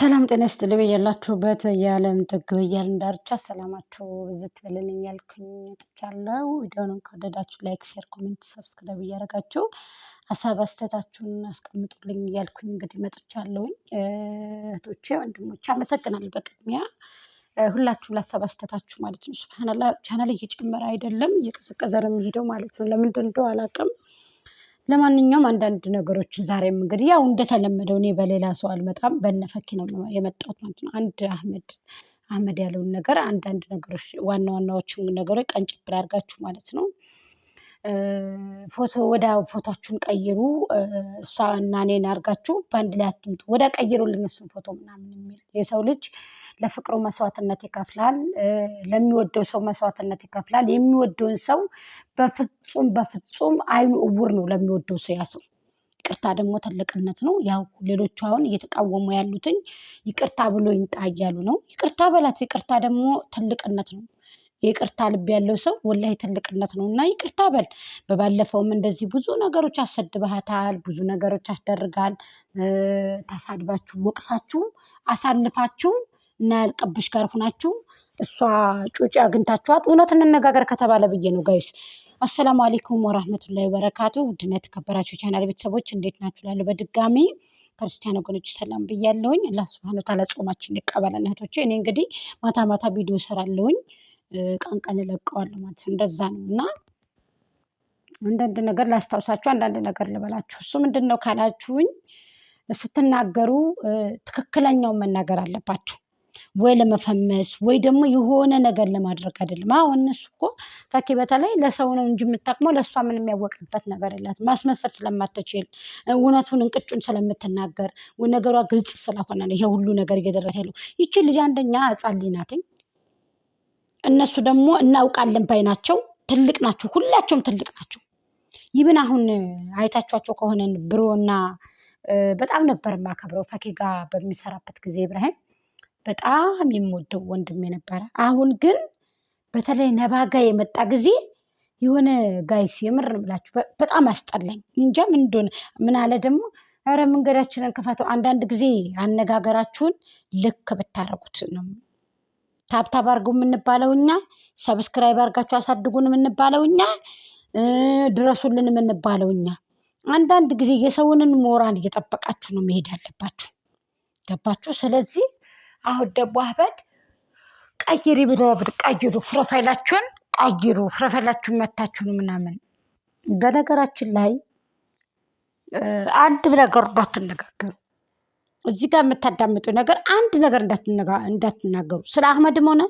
ሰላም ጤና ስጥ ልብ በያላችሁበት የዓለም ጥግ በያለም ዳርቻ ሰላማችሁ ብዝት በልልኝ እያልኩኝ መጥቻለሁ። ቪዲዮውን ከወደዳችሁ ላይክ፣ ሼር፣ ኮሜንት፣ ሰብስክራይብ እያደረጋችሁ ሀሳብ አስተያየታችሁን አስቀምጡልኝ እያልኩኝ እንግዲህ መጥቻለሁኝ። እህቶቼ ወንድሞቼ አመሰግናለሁ በቅድሚያ ሁላችሁ ለሀሳብ አስተታችሁ ማለት ነው። ቻናል እየጨመረ አይደለም እየቀዘቀዘ ነው የሚሄደው ማለት ነው። ለምንድን እንደው አላውቅም ለማንኛውም አንዳንድ ነገሮችን ዛሬም እንግዲህ ያው እንደተለመደው እኔ በሌላ ሰው አልመጣም በነፈኪ ነው የመጣሁት ማለት ነው። አንድ አህመድ አህመድ ያለውን ነገር አንዳንድ ነገሮች ዋና ዋናዎችን ነገሮች ቀንጭብል አድርጋችሁ ማለት ነው ፎቶ ወደ ፎቶችሁን ቀይሩ፣ እሷ እና እኔን አድርጋችሁ በአንድ ላይ አትምጡ፣ ወደ ቀይሩ እሱን ፎቶ ምናምን የሚል የሰው ልጅ ለፍቅሩ መስዋዕትነት ይከፍላል። ለሚወደው ሰው መስዋዕትነት ይከፍላል። የሚወደውን ሰው በፍጹም በፍጹም አይኑ እውር ነው ለሚወደው ሰው ያሰው ይቅርታ ደግሞ ትልቅነት ነው። ያው ሌሎቹ አሁን እየተቃወሙ ያሉትኝ ይቅርታ ብሎ ይምጣ እያሉ ነው። ይቅርታ በላት። ይቅርታ ደግሞ ትልቅነት ነው። ይቅርታ ልብ ያለው ሰው ወላሂ ትልቅነት ነው እና ይቅርታ በል። በባለፈውም እንደዚህ ብዙ ነገሮች አሰድበሃታል፣ ብዙ ነገሮች አስደርጋል። ታሳድባችሁ ወቅሳችሁ አሳልፋችሁ እና ያልቀብሽ ጋር ሁናችሁ እሷ ጩጭ አግኝታችኋት እውነት እንነጋገር ከተባለ ብዬ ነው ጋይስ። አሰላሙ አሌይኩም ወራህመቱላሂ ወበረካቱ። ውድነት የተከበራችሁ ቻናል ቤተሰቦች እንዴት ናችሁ? ላለ በድጋሚ ክርስቲያን ወገኖች ሰላም ብያለሁኝ። አላህ ሱብሃነሁ ወተዓላ ጾማችን ይቀበለን እህቶቼ። እኔ እንግዲህ ማታ ማታ ቪዲዮ እሰራለሁኝ፣ ቀን ቀን እለቀዋለሁ ማለት ነው። እንደዛ ነው እና አንዳንድ ነገር ላስታውሳችሁ፣ አንዳንድ ነገር ልበላችሁ። እሱ ምንድን ነው ካላችሁኝ፣ ስትናገሩ ትክክለኛውን መናገር አለባችሁ። ወይ ለመፈመስ ወይ ደግሞ የሆነ ነገር ለማድረግ አይደለም። አሁን እነሱ እኮ ፈኬ በተለይ ለሰው ነው እንጂ የምታቅመው ለእሷ ምን የሚያወቅበት ነገር የላት። ማስመሰል ስለማትችል እውነቱን እንቅጩን ስለምትናገር ነገሯ ግልጽ ስለሆነ ነው ይሄ ሁሉ ነገር እየደረሰ ያለው። ይቺ ልጅ አንደኛ ሕፃን ናትኝ። እነሱ ደግሞ እናውቃለን ባይ ናቸው። ትልቅ ናቸው፣ ሁላቸውም ትልቅ ናቸው። ይብን አሁን አይታችኋቸው ከሆነን ብሮና በጣም ነበር የማከብረው ፈኬ ጋር በሚሰራበት ጊዜ ኢብራሂም በጣም የምወደው ወንድም የነበረ አሁን ግን በተለይ ጋ የመጣ ጊዜ የሆነ ጋይስ የምር ብላችሁ በጣም አስጠላኝ። እንጃ ምን እንደሆነ ምን አለ ደግሞ ኧረ መንገዳችንን ክፈተው። አንዳንድ ጊዜ አነጋገራችሁን ልክ ብታረጉት ነው። ታብታብ አርጉ የምንባለው እኛ፣ ሰብስክራይብ አርጋችሁ አሳድጉን የምንባለው እኛ፣ ድረሱልን የምንባለው እኛ። አንዳንድ ጊዜ የሰውንን ሞራል እየጠበቃችሁ ነው መሄድ ያለባችሁ። ገባችሁ? ስለዚህ አሁን ደግሞ አህመድ ቀይሪ ምናምን ቀይሩ ፕሮፋይላችሁን ቀይሩ ፕሮፋይላችሁን መታችሁን ምናምን። በነገራችን ላይ አንድ ነገር እንዳትነጋገሩ፣ እዚህ ጋር የምታዳምጡ ነገር አንድ ነገር እንዳትናገሩ፣ ስለ አህመድም ሆነ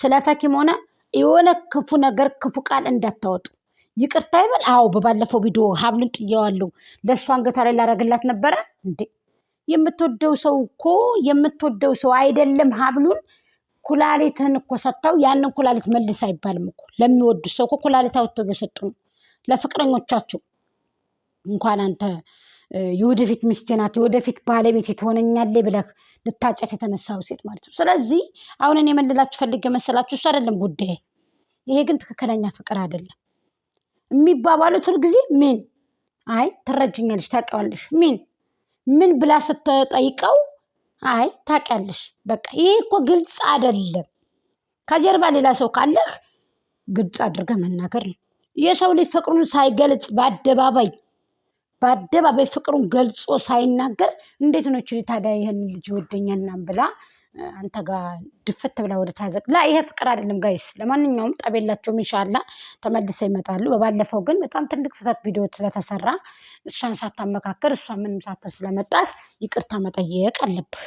ስለ ፈኪም ሆነ የሆነ ክፉ ነገር ክፉ ቃል እንዳታወጡ። ይቅርታ ይበል። አዎ በባለፈው ቪዲዮ ሀብልን ጥየዋለሁ ለእሷ አንገቷ ላይ ላረግላት ነበረ እንዴ የምትወደው ሰው እኮ የምትወደው ሰው አይደለም ሀብሉን ኩላሊትህን እኮ ሰጥተው ያንን ኩላሊት መልስ አይባልም እኮ ለሚወዱ ሰው እኮ ኩላሊት አውጥተው እየሰጡ ነው ለፍቅረኞቻቸው። እንኳን አንተ የወደፊት ሚስቴ ናት የወደፊት ባለቤት የትሆነኛለ ብለህ ልታጨት የተነሳው ሴት ማለት ነው። ስለዚህ አሁንን የመልላችሁ ፈልግ የመሰላችሁ እሱ አይደለም ጉዳይ። ይሄ ግን ትክክለኛ ፍቅር አይደለም። የሚባባሉት ሁልጊዜ ምን አይ ትረጅኛለሽ ታውቂዋለሽ ምን ምን ብላ ስትጠይቀው አይ ታውቂያለሽ፣ በቃ ይሄ እኮ ግልጽ አይደለም፣ ከጀርባ ሌላ ሰው ካለህ ግልጽ አድርገ መናገር ነው። የሰው ልጅ ፍቅሩን ሳይገልጽ በአደባባይ በአደባባይ ፍቅሩን ገልጾ ሳይናገር እንዴት ነው ችል ታዲያ ይህን ልጅ ይወደኛል ብላ አንተ ጋር ድፍት ብላ ወደ ታዘቅ ላ ይሄ ፍቅር አይደለም ጋይስ። ለማንኛውም ጠብ የላቸውም። ኢንሻላ ተመልሰው ይመጣሉ። በባለፈው ግን በጣም ትልቅ ስህተት ቪዲዮ ስለተሰራ እሷን ሳታመካከር እሷ ምንም ሳትል ስለመጣት ይቅርታ መጠየቅ አለብህ።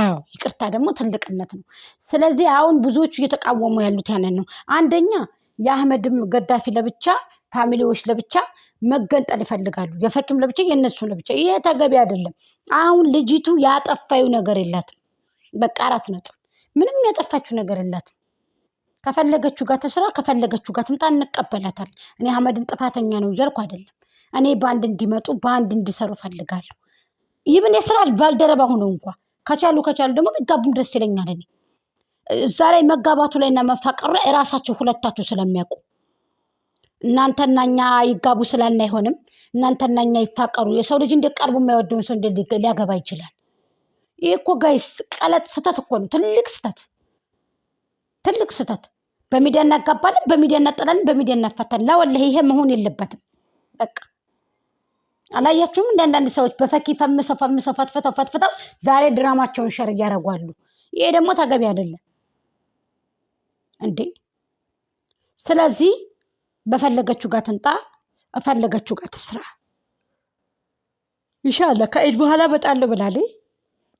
አዎ ይቅርታ ደግሞ ትልቅነት ነው። ስለዚህ አሁን ብዙዎቹ እየተቃወሙ ያሉት ያንን ነው። አንደኛ የአህመድም ገዳፊ ለብቻ ፋሚሊዎች ለብቻ መገንጠል ይፈልጋሉ። የፈኪም ለብቻ የእነሱ ለብቻ። ይሄ ተገቢ አይደለም። አሁን ልጅቱ ያጠፋዩ ነገር የላትም። በቃ አራት ነጥብ። ምንም ያጠፋችው ነገር የላትም። ከፈለገችው ጋር ተስራ ከፈለገችው ጋር ትምጣ፣ እንቀበላታል። እኔ አህመድን ጥፋተኛ ነው እያልኩ አይደለም። እኔ በአንድ እንዲመጡ በአንድ እንዲሰሩ ፈልጋለሁ። ይህብን የስራ ባልደረባ ሆነው እንኳ ከቻሉ ከቻሉ ደግሞ ቢጋቡም ደስ ይለኛል። እኔ እዛ ላይ መጋባቱ ላይ እና መፋቀሩ ላይ እራሳቸው ሁለታቸው ስለሚያውቁ እናንተና እኛ ይጋቡ ስላልን አይሆንም። እናንተና እኛ ይፋቀሩ። የሰው ልጅ እንደ ቀርቡ የማይወደውን ሰው ሊያገባ ይችላል። ይህ እኮ ጋይስ ቀለጥ ስህተት እኮ ነው። ትልቅ ስህተት፣ ትልቅ ስህተት። በሚዲያ እናጋባለን፣ በሚዲያ እናጠላለን፣ በሚዲያ እናፈታለን። ላወለ ይሄ መሆን የለበትም። በቃ አላያችሁም? እንደ አንዳንድ ሰዎች በፈኪ ፈምሰው ፈምሰው ፈትፍተው ፈትፍተው ዛሬ ድራማቸውን ሸር እያደረጓሉ። ይሄ ደግሞ ተገቢ አይደለም እንዴ። ስለዚህ በፈለገችው ጋር ትንጣ፣ እፈለገችው ጋር ትስራ። ይሻላል ከኢድ በኋላ በጣለሁ ብላለች።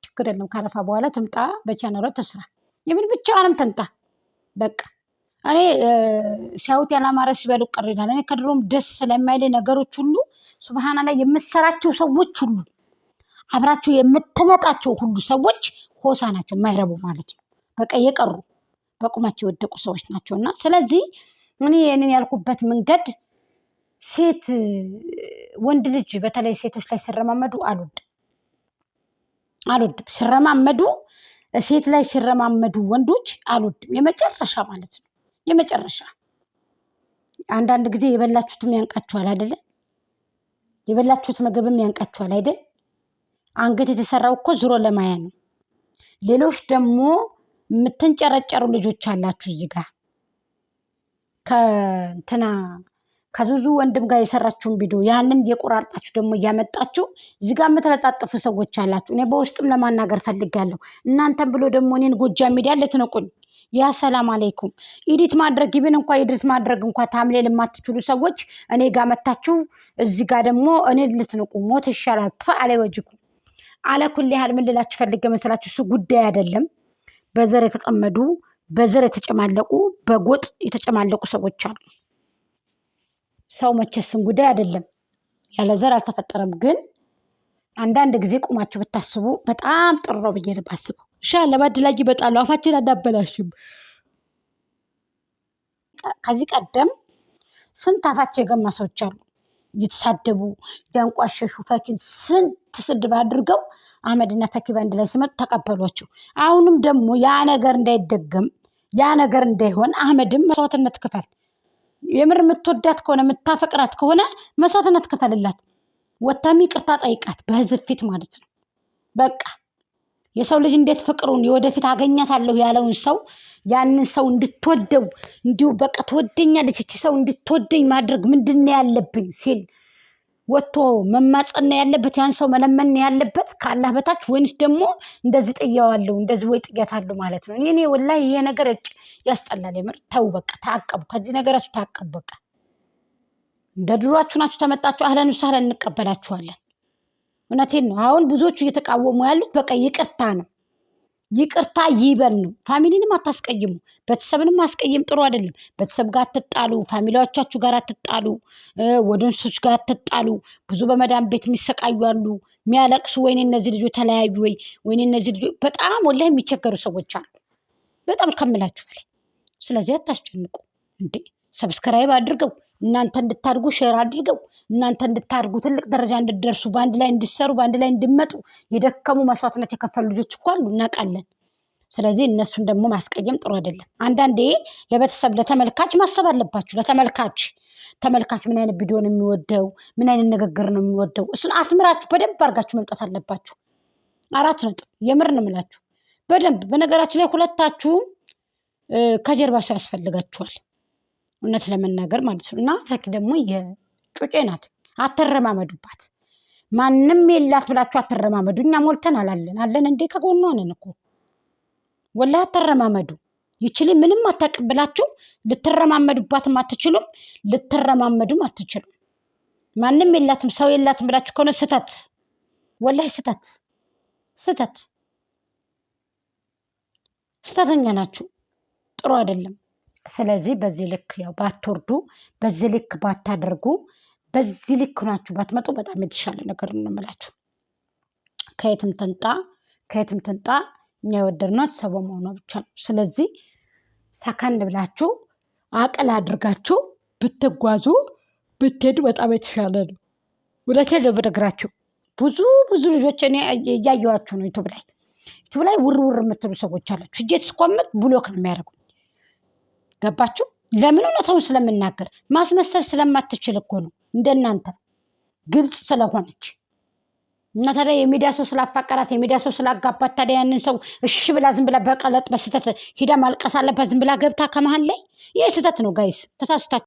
ችግር የለም ካረፋ በኋላ ትምጣ በቻነሮ ትስራ። የምን ብቻዋንም ትምጣ በቃ እኔ ሲያዩት ያላማረ ሲበሉ ቅር ይላል። እኔ ከድሮም ደስ ስለማይለኝ ነገሮች ሁሉ ሱብሃና ላይ የምሰራቸው ሰዎች ሁሉ አብራቸው የምትመጣቸው ሁሉ ሰዎች ሆሳ ናቸው፣ የማይረቡ ማለት ነው። በቃ የቀሩ በቁማቸው የወደቁ ሰዎች ናቸው። እና ስለዚህ እኔ ይህንን ያልኩበት መንገድ ሴት ወንድ ልጅ በተለይ ሴቶች ላይ ሲረማመዱ አሉድ አልወድም። ሲረማመዱ ሴት ላይ ሲረማመዱ ወንዶች አልወድም። የመጨረሻ ማለት ነው የመጨረሻ። አንዳንድ ጊዜ የበላችሁትም ያንቃችኋል አይደለ? የበላችሁት ምግብም ያንቃችኋል አይደል? አንገት የተሰራው እኮ ዙሮ ለማያ ነው። ሌሎች ደግሞ የምትንጨረጨሩ ልጆች አላችሁ እዚህ ጋ ከእንትና ከዙዙ ወንድም ጋር የሰራችሁን ቪዲዮ ያንን የቆራርጣችሁ ደግሞ እያመጣችሁ እዚህ ጋር የምትለጣጥፉ ሰዎች አላችሁ። እኔ በውስጥም ለማናገር ፈልጋለሁ። እናንተም ብሎ ደግሞ እኔን ጎጃ ሚዲያ ልትንቁኝ ያ ሰላም አለይኩም ኢዲት ማድረግ ይብን እንኳ ኢዲት ማድረግ እንኳ ታምሌ ልማትችሉ ሰዎች እኔ ጋር መታችሁ፣ እዚህ ጋር ደግሞ እኔ ልትንቁ ሞት ይሻላል። ፈ አለወጅኩ ኩል ያህል ምን ልላችሁ ፈልገ መሰላችሁ? እሱ ጉዳይ አይደለም። በዘር የተጠመዱ በዘር የተጨማለቁ በጎጥ የተጨማለቁ ሰዎች አሉ። ሰው መቼስም ጉዳይ አይደለም፣ ያለ ዘር አልተፈጠረም። ግን አንዳንድ ጊዜ ቁማችሁ ብታስቡ በጣም ጥሩ ነው ብዬ ነው ባስበው። እሺ ለባድ አፋችን አናበላሽም። ከዚህ ቀደም ስንት አፋቸው የገማ ሰዎች አሉ የተሳደቡ ያንቋሸሹ ፈኪን ስንት ስድብ አድርገው አህመድና ፈኪ በአንድ ላይ ሲመጡ ተቀበሏቸው። አሁንም ደግሞ ያ ነገር እንዳይደገም ያ ነገር እንዳይሆን አህመድም መስዋዕትነት ክፈል። የምር የምትወዳት ከሆነ የምታፈቅራት ከሆነ መስዋዕትነት ክፈልላት። ወታሚ ቅርታ ጠይቃት፣ በህዝብ ፊት ማለት ነው። በቃ የሰው ልጅ እንዴት ፍቅሩን የወደፊት አገኛታለሁ ያለውን ሰው ያንን ሰው እንድትወደው እንዲሁ በቃ ትወደኛለች እቺ ሰው እንድትወደኝ ማድረግ ምንድን ነው ያለብኝ ሲል ወጥቶ መማፀን ያለበት፣ ያን ሰው መለመን ያለበት ከአላህ በታች ወይንስ ደግሞ እንደዚህ ጥያዋለሁ እንደዚህ ወይ ጥያታለሁ ማለት ነው? እኔ ወላሂ ይሄ ነገር ያስጠላል። የምር ተው በቃ ታቀቡ፣ ከዚህ ነገራችሁ ታቀቡ። በቃ እንደ ድሯችሁ ናችሁ። ተመጣችሁ አህለን ሳህለን እንቀበላችኋለን። እውነቴን ነው። አሁን ብዙዎቹ እየተቃወሙ ያሉት በቃ ይቅርታ ነው። ይቅርታ ይበል ነው። ፋሚሊንም አታስቀይሙ። ቤተሰብንም አስቀይም ጥሩ አይደለም። ቤተሰብ ጋር አትጣሉ፣ ፋሚሊዎቻችሁ ጋር አትጣሉ፣ ወደንሶች ጋር አትጣሉ። ብዙ በመዳም ቤት የሚሰቃዩ አሉ፣ የሚያለቅሱ ወይኔ እነዚህ ልጆች ተለያዩ ወይ ወይኔ እነዚህ ልጆች በጣም ወላሂ የሚቸገሩ ሰዎች አሉ፣ በጣም ከምላችሁ በላይ። ስለዚህ አታስጨንቁ እንዴ! ሰብስክራይብ አድርገው እናንተ እንድታድጉ ሼር አድርገው እናንተ እንድታድጉ ትልቅ ደረጃ እንድደርሱ በአንድ ላይ እንድሰሩ በአንድ ላይ እንድመጡ የደከሙ መስዋዕትነት የከፈሉ ልጆች እኮ አሉ፣ እናውቃለን። ስለዚህ እነሱን ደግሞ ማስቀየም ጥሩ አይደለም። አንዳንዴ ለቤተሰብ ለተመልካች ማሰብ አለባችሁ። ለተመልካች ተመልካች ምን አይነት ቪዲዮ ነው የሚወደው? ምን አይነት ንግግር ነው የሚወደው? እሱን አስምራችሁ በደንብ አድርጋችሁ መምጣት አለባችሁ። አራት ነጥብ። የምር ነው የምላችሁ። በደንብ በነገራችን ላይ ሁለታችሁም ከጀርባ ሰው ያስፈልጋችኋል። እውነት ለመናገር ማለት ነው። እና ፈኪ ደግሞ የጩጬ ናት፣ አተረማመዱባት። ማንም የላት ብላችሁ አተረማመዱ። እኛ ሞልተን አላለን አለን እንዴ ከጎኗ ነን እኮ ወላ አተረማመዱ። ይችል ምንም አታውቅም ብላችሁ ልትረማመዱባትም አትችሉም፣ ልትረማመዱም አትችሉም። ማንም የላትም ሰው የላትም ብላችሁ ከሆነ ስህተት፣ ወላሂ ስህተት፣ ስህተት፣ ስህተተኛ ናችሁ። ጥሩ አይደለም። ስለዚህ በዚህ ልክ ያው ባትወርዱ፣ በዚህ ልክ ባታደርጉ፣ በዚህ ልክ ናችሁ ባትመጡ በጣም የተሻለ ነገር እንምላችሁ። ከየትም ትንጣ ከየትም ትንጣ እኛ የወደድናት ሰው በመሆኗ ብቻ ነው። ስለዚህ ሰከንድ ብላችሁ አቅል አድርጋችሁ ብትጓዙ ብትሄዱ በጣም የተሻለ ነው። እውነቴን ነው ብነግራችሁ። ብዙ ብዙ ልጆች እኔ እያየኋቸው ነው። ዩቱብ ላይ ዩቱብ ላይ ውርውር የምትሉ ሰዎች አላችሁ። እጄ ስቆምጥ ብሎክ ነው የሚያደርጉ ገባችሁ? ለምን እውነታውን ስለምናገር ማስመሰል ስለማትችል እኮ ነው። እንደናንተ ግልጽ ስለሆነች እና ታዲያ የሚዲያ ሰው ስላፋቀራት የሚዲያ ሰው ስላጋባት ታዲያ ያንን ሰው እሺ ብላ ዝም ብላ በቀለጥ በስህተት ሂዳ ማልቀስ አለባት? ዝም ብላ ገብታ ከመሀል ላይ ይህ ስህተት ነው ጋይስ፣ ተሳስታችሁ